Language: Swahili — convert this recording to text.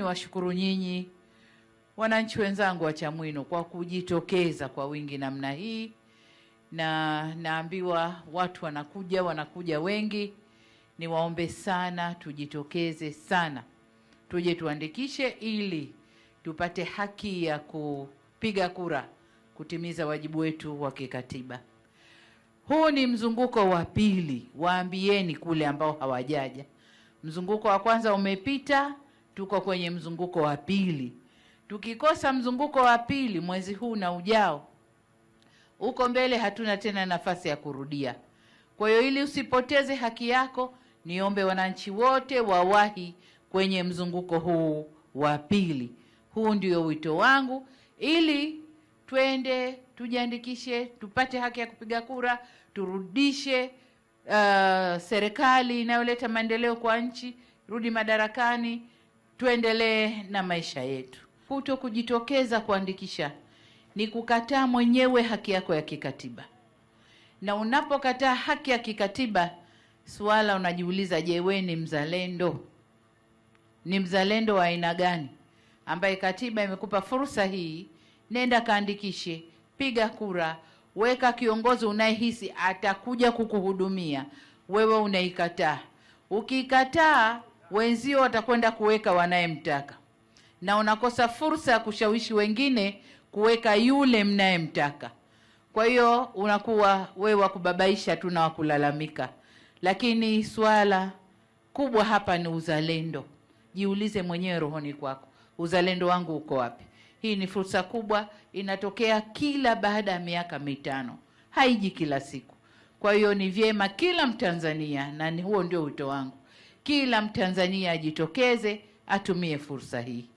niwashukuru nyinyi wananchi wenzangu wa Chamwino kwa kujitokeza kwa wingi namna hii, na naambiwa watu wanakuja, wanakuja wengi. Niwaombe sana tujitokeze sana, tuje tuandikishe ili tupate haki ya kupiga kura, kutimiza wajibu wetu wa kikatiba. Huu ni mzunguko wa pili, waambieni kule ambao hawajaja. Mzunguko wa kwanza umepita, tuko kwenye mzunguko wa pili. Tukikosa mzunguko wa pili mwezi huu na ujao, huko mbele hatuna tena nafasi ya kurudia. Kwa hiyo ili usipoteze haki yako, niombe wananchi wote wawahi kwenye mzunguko huu wa pili. Huu ndio wito wangu, ili twende tujiandikishe, tupate haki ya kupiga kura, turudishe uh, serikali inayoleta maendeleo kwa nchi, rudi madarakani tuendelee na maisha yetu. Kuto kujitokeza kuandikisha ni kukataa mwenyewe haki yako ya kikatiba, na unapokataa haki ya kikatiba suala unajiuliza, je, we ni mzalendo? Ni mzalendo wa aina gani ambaye katiba imekupa fursa hii? Nenda kaandikishe, piga kura, weka kiongozi unayehisi atakuja kukuhudumia. Wewe unaikataa, ukikataa wenzio watakwenda kuweka wanayemtaka, na unakosa fursa ya kushawishi wengine kuweka yule mnayemtaka. Kwa hiyo unakuwa wewe wakubabaisha tu na wakulalamika, lakini swala kubwa hapa ni uzalendo. Jiulize mwenyewe rohoni kwako, uzalendo wangu uko wapi? Hii ni fursa kubwa, inatokea kila baada ya miaka mitano, haiji kila siku. Kwa hiyo ni vyema kila Mtanzania, na ni huo ndio wito wangu, kila Mtanzania ajitokeze atumie fursa hii.